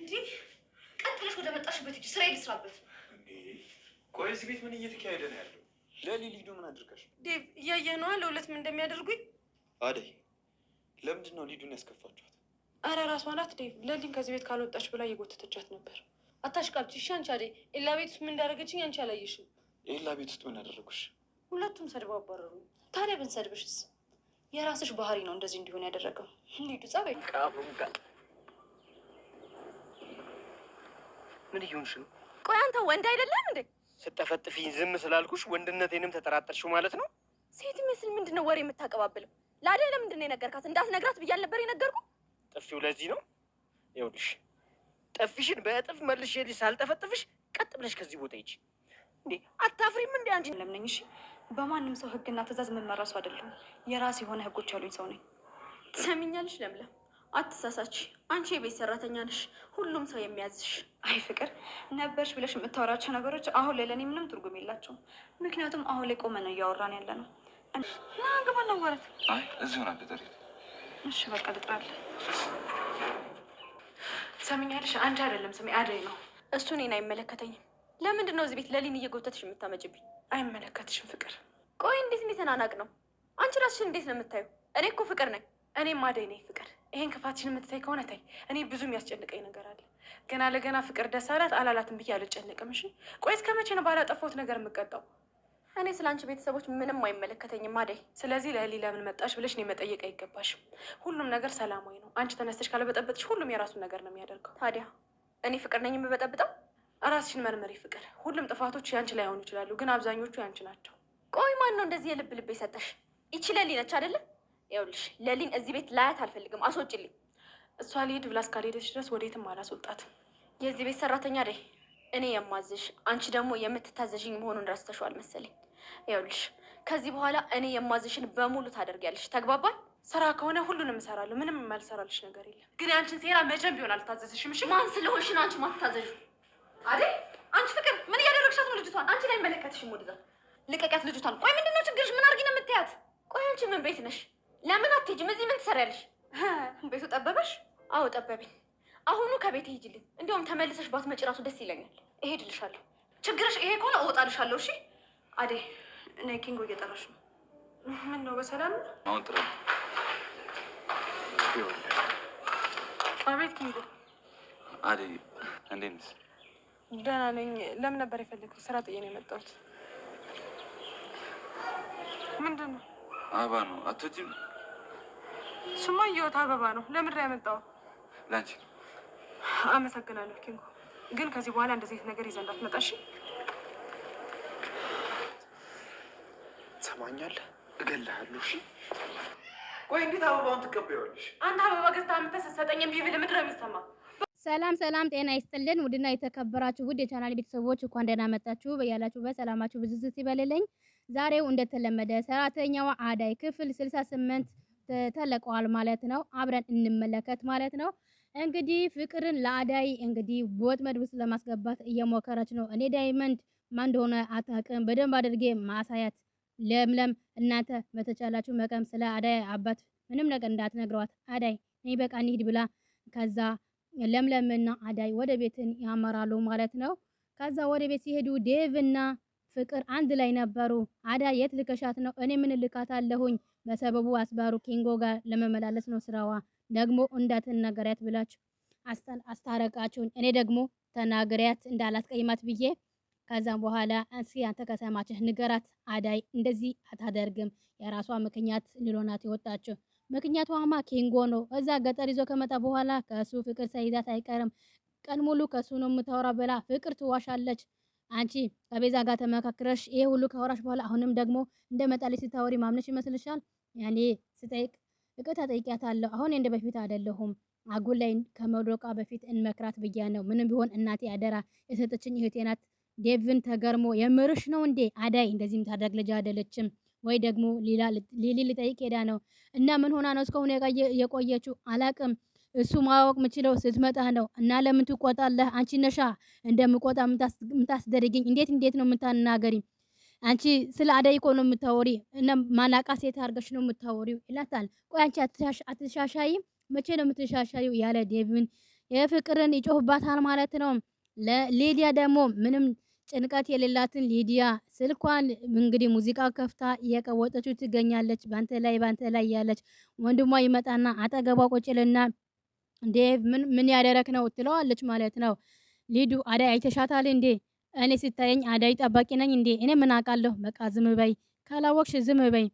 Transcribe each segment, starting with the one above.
እንዲህ ቀጥለሽ ወደ መጣሽበት ሂጂ፣ ስራ ቆይ እዚህ ቤት ምን እየተካሄደ ነው ያለው? ለሊሊ ሊዱ ምን ዴቭ እያየህ ነዋ፣ እንደሚያደርጉኝ። አደይ ለምንድን ነው ሊዱን ያስከፋችኋት? አረ ራሷ ናት ዴቭ። ለሊን ከዚህ ቤት ካልወጣች ብላ እየጎተተቻት ነበር። አታሽቃብጪ እሺ። አንቺ አደይ ኤላ ቤት ውስጥ ምን እንዳደረገችኝ አንቺ አላየሽም? ኤላ ቤት ውስጥ ምን አደረጉሽ? ሁለቱም ሰድባ አባረሩ። ታዲያ ብንሰድብሽስ? የራስሽ ባህሪ ነው እንደዚህ እንዲሆን ያደረገው። ሊዱ ጸባይ ምን እየሆንሽ ነው? ቆይ አንተ ወንድ አይደለም እንዴ? ስጠፈጥፊኝ ዝም ስላልኩሽ ወንድነቴንም ተጠራጠርሽው ማለት ነው? ሴት ይመስል ምንድን ነው ወሬ የምታቀባብለው? ለአደይ ለምንድን ነው የነገርካት? እንዳትነግራት ብያል ነበር የነገርኩ። ጥፊው ለዚህ ነው። ይኸውልሽ ጥፊሽን በእጥፍ መልሼ ልጅ ሳልጠፈጥፍሽ ቀጥ ብለሽ ከዚህ ቦታ ሂጂ። እንዴ አታፍሪም እንዴ አንቺ? ለምነኝ እሺ። በማንም ሰው ህግና ትእዛዝ የምመራ ሰው አይደለሁም። የራሴ የሆነ ህጎች ያሉኝ ሰው ነኝ። ትሰሚኛለሽ ለምለም አትሳሳች። አንቺ የቤት ሰራተኛ ነሽ፣ ሁሉም ሰው የሚያዝሽ። አይ ፍቅር ነበርሽ ብለሽ የምታወራቸው ነገሮች አሁን ላይ ለእኔ ምንም ትርጉም የላቸውም። ምክንያቱም አሁን ላይ ቆመን ነው እያወራን ያለ ነው። ግባ እናዋራት። አይ እዚሁ ናት ልጠሪት። እሺ በቃ ልጥራለሁ። ትሰሚኛለሽ? አንቺ አይደለም ስሜ አደይ ነው። እሱ እኔን አይመለከተኝም። ለምንድን ነው እዚህ ቤት ለሊን እየጎተትሽ የምታመጭብኝ? አይመለከትሽም ፍቅር። ቆይ እንዴት እንዴት ተናናቅ ነው? አንቺ ራስሽን እንዴት ነው የምታዩ? እኔ እኮ ፍቅር ነኝ። እኔም ማደይ ነኝ ፍቅር። ይሄን ክፋትሽን የምትታይ ከሆነ ታይ። እኔ ብዙ የሚያስጨንቀኝ ነገር አለ። ገና ለገና ፍቅር ደስ አላት አላላትም ብዬ አልጨነቅም። እሺ ቆይ እስከ መቼ ነው ባላጠፋሁት ነገር የምቀጣው? እኔ ስለ አንቺ ቤተሰቦች ምንም አይመለከተኝም አደይ። ስለዚህ ለሊ ለምን መጣሽ ብለሽ እኔ መጠየቅ አይገባሽም። ሁሉም ነገር ሰላማዊ ነው። አንቺ ተነስተሽ ካለበጠበጥሽ ሁሉም የራሱን ነገር ነው የሚያደርገው። ታዲያ እኔ ፍቅር ነኝ የምበጠብጠው? ራስሽን መርመሪ ፍቅር። ሁሉም ጥፋቶች ያንቺ ላይሆኑ ይችላሉ፣ ግን አብዛኞቹ ያንቺ ናቸው። ቆይ ማን ነው እንደዚህ የልብ ልብ የሰጠሽ? ይቺ ለሊ ነች አይደለም ይኸውልሽ ለሊን እዚህ ቤት ላያት አልፈልግም፣ አስወጪልኝ። እሷ ሊሄድ ብላ እስካልሄደች ድረስ ወዴትም አላስወጣትም። የዚህ ቤት ሰራተኛ ደ እኔ የማዝሽ አንቺ ደግሞ የምትታዘዥኝ መሆኑን ረስተሸዋል መሰለኝ። ይኸውልሽ ከዚህ በኋላ እኔ የማዝሽን በሙሉ ታደርጊያለሽ። ተግባባል? ስራ ከሆነ ሁሉንም እሰራለሁ። ምንም የማልሰራልሽ ነገር የለም። ግን አንቺን ሴራ መቼም ቢሆን አልታዘዝሽም። እሺ ማን ስለሆንሽ ነው አንቺ ማትታዘዥ? አዴ፣ አንቺ ፍቅር ምን እያደረግሻት ነው ልጅቷን? አንቺ ላይ መለከትሽ ወደዛ ልቀቂያት ልጅቷን። ቆይ ምንድነው ችግርሽ? ምን አድርጊ ነው የምትያት? ቆይ አንቺ ምን ቤት ነሽ? ለምን አትሄጂም? እዚህ ምን ትሰሪያለሽ? ቤቱ ጠበበሽ? አዎ ጠበበኝ። አሁኑ ከቤት ሂጂልኝ። እንዲያውም ተመልሰሽ ባትመጪ እራሱ ደስ ይለኛል። እሄድልሻለሁ። ችግርሽ ይሄ ከሆነ እወጣልሻለሁ። እሺ አዴ፣ ነይ ኪንጎ እየጠራሽ ነው። ምን ነው በሰላም አሁን ጥረ አቤት ኪንጎ። አዴ እንዴት ነሽ? ደህና ነኝ። ለምን ነበር የፈለግሽ? ስራ ጥዬ ነው የመጣሁት። ምንድን ነው? አበባ ነው። አትወጪም? ስማ እየወት አበባ ነው ለምድር ያመጣው ለአንቺ። አመሰግናለሁ ኪንጎ፣ ግን ከዚህ በኋላ እንደዚህ ነገር ይዘህ እንዳትመጣ ትሰማኛለህ? እገልሃለሁ። እሺ? ቆይ እንዴት አበባውን ትቀበያለሽ? አንተ አበባ ገዝተህ አምጥተህ እምቢ ብል ምድር የሚሰማ ሰላም ሰላም፣ ጤና ይስጥልን ውድና የተከበራችሁ ውድ የቻናል ቤተሰቦች እንኳን ደህና መጣችሁ። በያላችሁበት ሰላማችሁ ብዙ ይበልልኝ። ዛሬው እንደተለመደ ሰራተኛዋ አዳይ ክፍል 68 ተለቀዋል ማለት ነው። አብረን እንመለከት ማለት ነው። እንግዲህ ፍቅርን ለአዳይ እንግዲህ ወጥመድ ውስጥ ለማስገባት እየሞከረች ነው። እኔ ዳይመንድ ማን እንደሆነ አታውቅም። በደንብ አድርጌ ማሳያት ለምለም እናንተ መተቻላችሁ መቀም ስለ አዳይ አባት ምንም ነገር እንዳትነግሯት። አዳይ እኔ በቃ እንሂድ ብላ ከዛ ለምለምና አዳይ ወደ ቤትን ያመራሉ ማለት ነው። ከዛ ወደ ቤት ሲሄዱ ዴቭና ፍቅር አንድ ላይ ነበሩ። አዳይ የት ልከሻት ነው? እኔ ምን ልካታለሁኝ። በሰበቡ አስባሩ ኪንጎ ጋር ለመመላለስ ነው ስራዋ። ደግሞ እንዳትናገሪያት ብላችሁ አስታረቃችሁኝ። እኔ ደግሞ ተናገሪያት እንዳላስቀይማት ብዬ ከዛም በኋላ እስኪ አንተ ከሰማችህ ንገራት አዳይ እንደዚህ አታደርግም። የራሷ ምክንያት ሊሎናት የወጣችው ምክንያቷማ ኪንጎ ነው። እዛ ገጠር ይዞ ከመጣ በኋላ ከሱ ፍቅር ሳይዛት አይቀርም። ቀን ሙሉ ከሱ ነው የምታወራ ብላ ፍቅር ትዋሻለች። አንቺ ከቤዛ ጋር ተመካክረሽ ይሄ ሁሉ ካወራሽ በኋላ አሁንም ደግሞ እንደመጣለች ስታወሪ ማምነሽ ይመስልሻል? ያኔ ስጠይቅ ይቅርታ ጠይቂያታለሁ። አሁን እንደ በፊት አይደለሁም። አጉል ላይ ከመውደቋ በፊት እንመክራት ብያ ነው። ምንም ቢሆን እናቴ አደራ የሰጠችኝ እህቴ ናት። ዴቭን ተገርሞ የምርሽ ነው እንዴ አዳይ እንደዚህም የምታደርግ ልጅ አይደለችም ወይ ደግሞ ሌላ ሊሊ ልጠይቅ ሄዳ ነው እና ምን ሆና ነው እስካሁን የቆየችው? አላቅም። እሱ ማወቅ ምችለው ስትመጣ ነው። እና ለምን ትቆጣለህ? አንቺ ነሻ እንደምቆጣ ምታስደርግኝ? እንዴት እንዴት ነው የምታናገሪኝ? አንቺ ስለ አደይ እኮ ነው የምታወሪ እና ማናቃ ሴት አድርገሽ ነው የምታወሪው ይላታል። ቆይ አንቺ አትሻሻይም? መቼ ነው የምትሻሻይው? ያለ ዴቪን የፍቅርን ይጮህባታል ማለት ነው። ለሊዲያ ደግሞ ምንም ጭንቀት የሌላትን ሊዲያ ስልኳን እንግዲህ ሙዚቃ ከፍታ እየቀወጠችው ትገኛለች። ባንተ ላይ ባንተ ላይ ያለች ወንድሟ ይመጣና አጠገቧ ቁጭልና ዴቭ ምን ምን ያደረክ ነው ትለዋለች ማለት ነው። ሊዱ አደይ አይተሻታል እንዴ እኔ ስታየኝ አዳይ ጠባቂ ነኝ እንዴ? እኔ ምን አውቃለሁ? በቃ ዝም በይ፣ ካላወቅሽ ዝም በይ።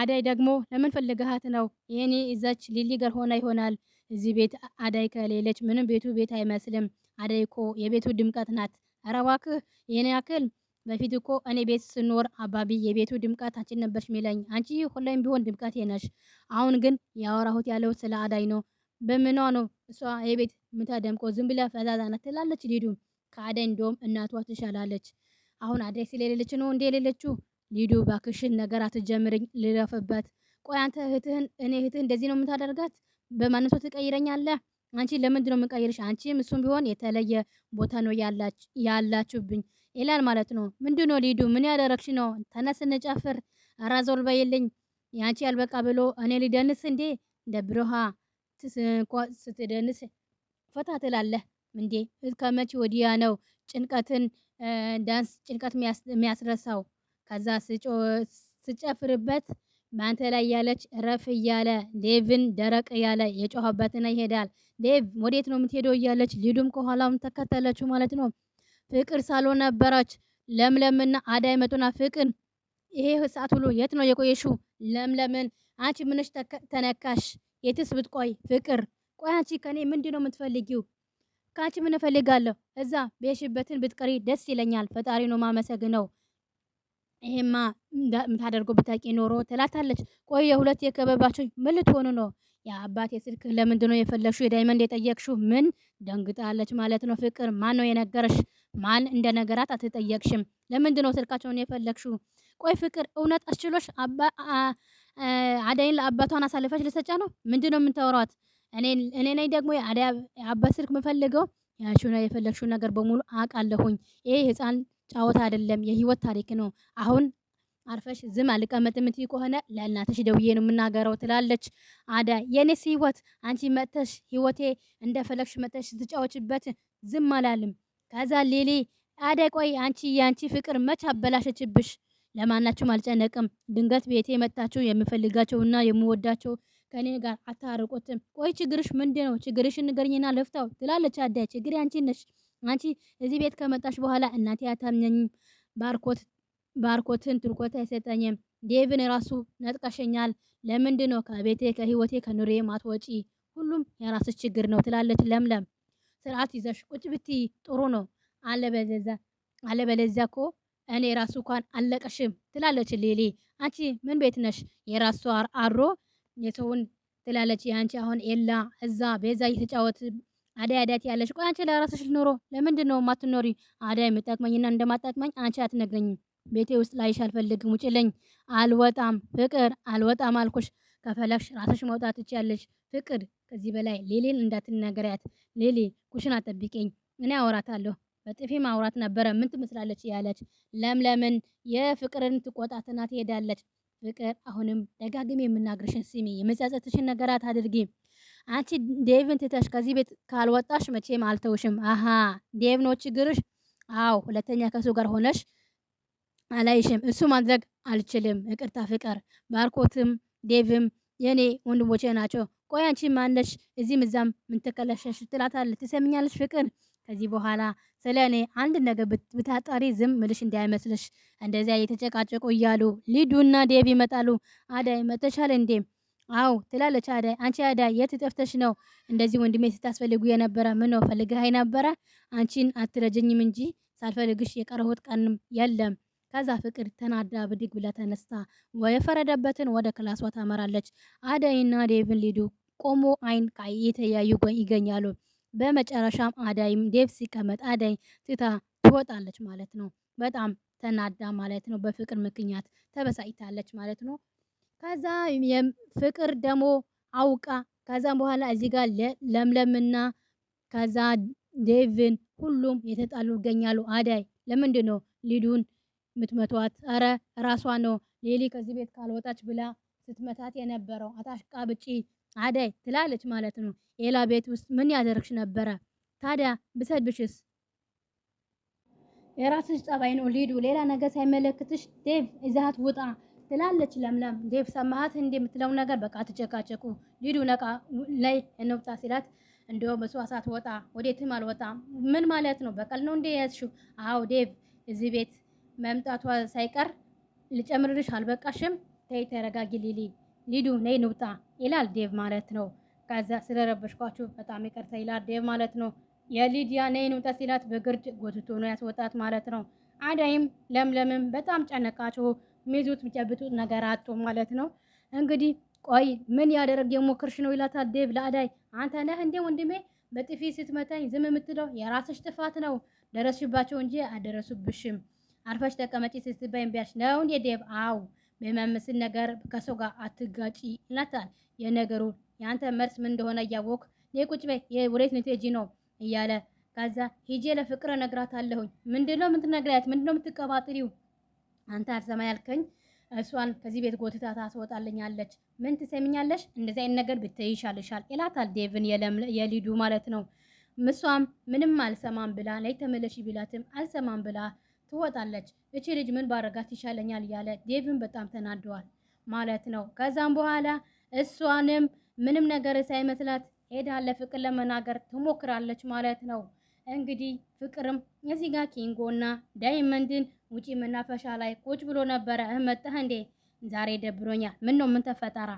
አዳይ ደግሞ ለምን ፈልገሃት ነው? ይሄኔ እዛች ሊሊ ጋር ሆና ይሆናል። እዚህ ቤት አዳይ ከሌለች ምንም ቤቱ ቤት አይመስልም። አዳይ እኮ የቤቱ ድምቀት ናት። ኧረ እባክህ ይሄን ያክል በፊት እኮ እኔ ቤት ስኖር አባቢ የቤቱ ድምቀት አንቺ ነበርሽ ሚለኝ። አንቺ ሁሌም ቢሆን ድምቀቴ ነሽ። አሁን ግን ያወራሁት ያለው ስለ አዳይ ነው። በምኗ ነው እሷ የቤት ምታደምቆ? ዝም ብላ ፈዛዛ ናት ትላለች ሊዱ ካደ። እንደውም እናቷ ትሻላለች። አሁን አድሬስ የሌለች ነው እንዴ የሌለችው? ሊዱ ባክሽን ነገር አትጀምርኝ፣ ልረፍበት። ቆይ አንተ እህትህን እኔ እህትህ እንደዚህ ነው የምታደርጋት? በማንነቷ ትቀይረኛለህ? አንቺ ለምንድን ነው የምንቀይርሽ? አንቺም እሱም ቢሆን የተለየ ቦታ ነው ያላችሁብኝ ይላል ማለት ነው። ምንድን ነው ሊዱ ምን ያደረግሽ ነው? ተነስ እንጨፍር። ኧረ ዞር በይልኝ ያንቺ ያልበቃ ብሎ እኔ ልደንስ እንዴ? ደብሮሃ ስትደንስ ፈታ ትላለህ። እንዴ ከመቼ ወዲያ ነው ጭንቀትን ዳንስ ጭንቀት የሚያስረሳው? ከዛ ስጨፍርበት በአንተ ላይ ያለች ረፍ እያለ ዴቭን ደረቅ እያለ የጮኸበትን ይሄዳል። ዴቭ ወዴት ነው የምትሄደው እያለች ሊዱም ከኋላውን ተከተለችው ማለት ነው። ፍቅር ሳሎን ነበረች። ለምለምና አዳይ መጡና ፍቅር ይሄ ሰዓት ሁሉ የት ነው የቆየሽው? ለምለምን አንቺ ምንሽ ተነካሽ? የትስ ብትቆይ? ፍቅር ቆይ አንቺ ከኔ ምንድን ነው የምትፈልጊው? ከአንቺ ምን እፈልጋለሁ? እዛ በሽበትን ብትቀሪ ደስ ይለኛል። ፈጣሪ ነው ማመሰግነው። ይሄማ የምታደርገው ብታቂ ኖሮ ትላታለች። ቆይ የሁለት የከበባችሁ ምን ልትሆኑ ነው? የአባቴ ስልክ ለምንድን ነው የፈለግሽው? የዳይመንድ የጠየቅሽው? ምን ደንግጣለች ማለት ነው። ፍቅር ማን ነው የነገረሽ? ማን እንደ ነገራት አትጠየቅሽም። ለምንድን ነው ስልካቸውን የፈለግሽው? ቆይ ፍቅር እውነት አስችሎሽ አባ አዳይን ለአባቷን አሳልፈሽ ልሰጫ ነው? ምንድን ነው የምታወሯት? እኔ ነኝ ደግሞ አበስርክ የምፈልገው ያልሽውን የፈለግሽውን ነገር በሙሉ አውቃለሁኝ። ይሄ ህፃን ጨዋታ አይደለም፣ የህይወት ታሪክ ነው። አሁን አርፈሽ ዝም አልቀመጥም እምትይ ከሆነ ለእናትሽ ደውዬ ነው የምናገረው ትላለች አዳ። የኔስ ህይወት አንቺ መጥተሽ ህይወቴ እንደፈለግሽ መጥተሽ ስትጫወችበት ዝም አላልም። ከዛ ሌሊ አዳይ ቆይ አንቺ የአንቺ ፍቅር መች አበላሸችብሽ? ለማናችሁም አልጨነቅም። ድንገት ቤቴ መጣችሁ የምፈልጋቸውና የምወዳቸው ከኔ ጋር አታርቁትም። ቆይ ችግርሽ ምንድን ነው? ችግርሽን ንገርኝና ልፍታው ትላለች አዳይ። ችግር አንቺ ነሽ። አንቺ እዚህ ቤት ከመጣሽ በኋላ እናቴ አታምኘኝም። ባርኮት ባርኮትን ትርኮት አይሰጠኝም። ዴቭን ራሱ ነጥቀሸኛል። ለምንድን ነው ከቤቴ ከህይወቴ ከኑሬ ማትወጪ? ሁሉም የራስሽ ችግር ነው ትላለች ለምለም። ስርዓት ይዘሽ ቁጭ ብቲ ጥሩ ነው። አለበለዚያ አለበለዚያ እኮ እኔ ራሱ እንኳን አለቀሽም ትላለች ሊሊ። አንቺ ምን ቤት ነሽ? የራሱ አድሮ የሰውን ትላለች። የአንቺ አሁን ኤላ እዛ ቤዛ እየተጫወት አዳይ አዳት ያለሽ ቆይ፣ አንቺ ለራስሽ ኖሮ ለምንድን ነው የማትኖሪ? አዳይ የምጠቅመኝና እንደማጠቅመኝ አንቺ አትነግረኝም። ቤቴ ውስጥ ላይሽ አልፈልግም፣ ውጭልኝ። አልወጣም ፍቅር፣ አልወጣም አልኩሽ። ከፈለግሽ ራስሽ መውጣት ትችያለሽ። ፍቅር፣ ከዚህ በላይ ሌሌን እንዳትናገሪያት። ሌሌ ኩሽና ጠብቂኝ፣ እኔ አወራታለሁ በጥፌ ማውራት ነበረ። ምን ትመስላለች ያለች ለምለምን የፍቅርን ትቆጣትና ትሄዳለች። ፍቅር አሁንም ደጋግሜ የምናግርሽን ስሚ፣ የመጻጸትሽን ነገራት አድርጊ። አንቺ ዴቭን ትተሽ ከዚህ ቤት ካልወጣሽ መቼም አልተውሽም። አሃ ዴቭ ነው ችግርሽ? አዎ፣ ሁለተኛ ከሱ ጋር ሆነሽ አላይሽም። እሱ ማድረግ አልችልም። እቅርታ ፍቅር። ባርኮትም ዴቭም የኔ ወንድሞቼ ናቸው። ቆይ አንቺ ማነሽ? እዚህም እዛም ምን ተከለሸሽ? ትላታለች። ትሰምኛለሽ ፍቅር ከዚህ በኋላ ስለ እኔ አንድ ነገር ብታጣሪ ዝም ምልሽ እንዳይመስልሽ። እንደዚያ እየተጨቃጨቁ እያሉ ሊዱና ዴቭ ይመጣሉ። አዳይ መተሻል እንዴ? አው ትላለች አዳይ። አንቺ አዳይ የት ጠፍተሽ ነው? እንደዚህ ወንድሜ ስታስፈልጉ የነበረ ምን ነው ፈልግህ አይነበረ? አንቺን አትረጀኝም እንጂ ሳልፈልግሽ የቀረሁት ቀንም የለም። ከዛ ፍቅር ተናዳ ብድግ ብላ ተነስታ የፈረደበትን ወደ ክላሷ ታመራለች። አዳይና ዴቭን ሊዱ ቆሞ አይን ካይ የተያዩ ይገኛሉ። በመጨረሻም አዳይም ዴቭ ሲቀመጥ አዳይ ትታ ትወጣለች ማለት ነው። በጣም ተናዳ ማለት ነው። በፍቅር ምክንያት ተበሳጭታለች ማለት ነው። ከዛ ፍቅር ደግሞ አውቃ ከዛም በኋላ እዚህ ጋር ለምለምና ከዛ ዴቭን ሁሉም የተጣሉ ይገኛሉ። አዳይ ለምንድን ነው ሊዱን ምትመቷት? አረ ራሷ ነው ሌሊ ከዚህ ቤት ካልወጣች ብላ ስትመታት የነበረው አታሽቃ ብጪ አዳይ ትላለች ማለት ነው። ኤላ ቤት ውስጥ ምን ያደርግሽ ነበረ? ታዲያ ብሰድብሽስ? የራስሽ ጸባይ ነው ሊዱ፣ ሌላ ነገር ሳይመለክትሽ ዴቭ እዛት ውጣ ትላለች ለምለም። ዴቭ ሰማሃት እንዴ የምትለው ነገር በቃ ትጨቃጨቁ። ሊዱ ነቃ ላይ እንውጣ ሲላት እንደውም እሷ ሳትወጣ ወዴትም አልወጣም። ምን ማለት ነው? በቀል ነው እንዴ ያዝሽው? አዎ ዴቭ እዚህ ቤት መምጣቷ ሳይቀር ልጨምርልሽ አልበቃሽም? ተይ ተረጋጊ ሊሊ፣ ሊዱ ነይ እንውጣ ይላል ዴቭ ማለት ነው። ከዛ ስለረበሽኳችሁ በጣም ይቅርታ ይላል ዴቭ ማለት ነው። የሊዲያ ነይን ውጣት ሲላት በግርድ ጎትቶ ነው ያስወጣት ማለት ነው። አዳይም ለምለምም በጣም ጨነቃችሁ ሚዙት ጨብጡት ነገር አጡ ማለት ነው። እንግዲህ ቆይ ምን ያደረግ የሞክርሽ ነው ይላታል ዴቭ ለአዳይ። አንተ ነህ እንዴ ወንድሜ በጥፊ ስትመታኝ ዝም የምትለው የራስሽ ጥፋት ነው። ደረስሽባቸው እንጂ አደረሱብሽም። አርፈሽ ተቀመጪ ስትባይ ቢያሽ ነው እንዴ ዴቭ? አው በሚያምስል ነገር ከሰው ጋር አትጋጪ ይላታል የነገሩ የአንተ መልስ ምን እንደሆነ እያወቅ ነይ ቁጭ በይ የወዴት ልትሄጂ ነው እያለ ከዛ ሂጄ ለፍቅር እነግራታለሁኝ። ምንድነው የምትነግሪያት? ምንድነው የምትቀባጥሪው? አንተ አርዘማ ያልከኝ እሷን ከዚህ ቤት ጎትታ ታስወጣልኛለች። ምን ትሰሚኛለሽ? እንደዚህ አይነት ነገር ብትይ ይሻልሻል ይላታል ዴቭን የሊዱ ማለት ነው። ምሷም ምንም አልሰማም ብላ ላይ ተመለሽ ቢላትም አልሰማም ብላ ትወጣለች። እቺ ልጅ ምን ባረጋት ይሻለኛል እያለ ዴቭን በጣም ተናደዋል ማለት ነው። ከዛም በኋላ እሷንም ምንም ነገር ሳይመስላት ሄዳ ለፍቅር ለመናገር ትሞክራለች ማለት ነው። እንግዲህ ፍቅርም እዚህ ጋር ኪንጎና ዳይመንድን ውጪ መናፈሻ ላይ ቁጭ ብሎ ነበረ። መጣህ እንዴ? ዛሬ ደብሮኛ፣ ምን ነው ምን ተፈጠራ?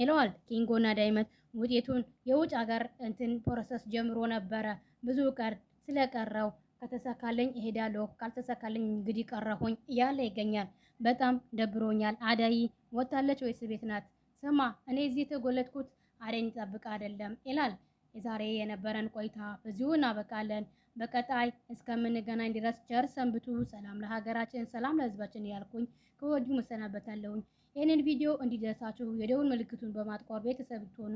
ይለዋል ኪንጎና ዳይመንድ ውጤቱን የውጭ ሀገር እንትን ፕሮሰስ ጀምሮ ነበረ። ብዙ ቀር ስለቀረው ከተሳካለኝ እሄዳለሁ፣ ካልተሳካለኝ እንግዲህ ቀረሁኝ እያለ ይገኛል። በጣም ደብሮኛል። አዳይ ወታለች ወይስ ቤት ናት? ስማ እኔ እዚህ የተጎለጥኩት አደይን ጠብቅ አይደለም ይላል። የዛሬ የነበረን ቆይታ በዚሁ እናበቃለን። በቀጣይ እስከምንገናኝ ድረስ ቸር ሰንብቱ። ሰላም ለሀገራችን፣ ሰላም ለህዝባችን ያልኩኝ ከወዲሁ መሰናበታለሁኝ። ይህንን ቪዲዮ እንዲደርሳችሁ የደውል ምልክቱን በማጥቆር ቤተሰብ ትሆኑ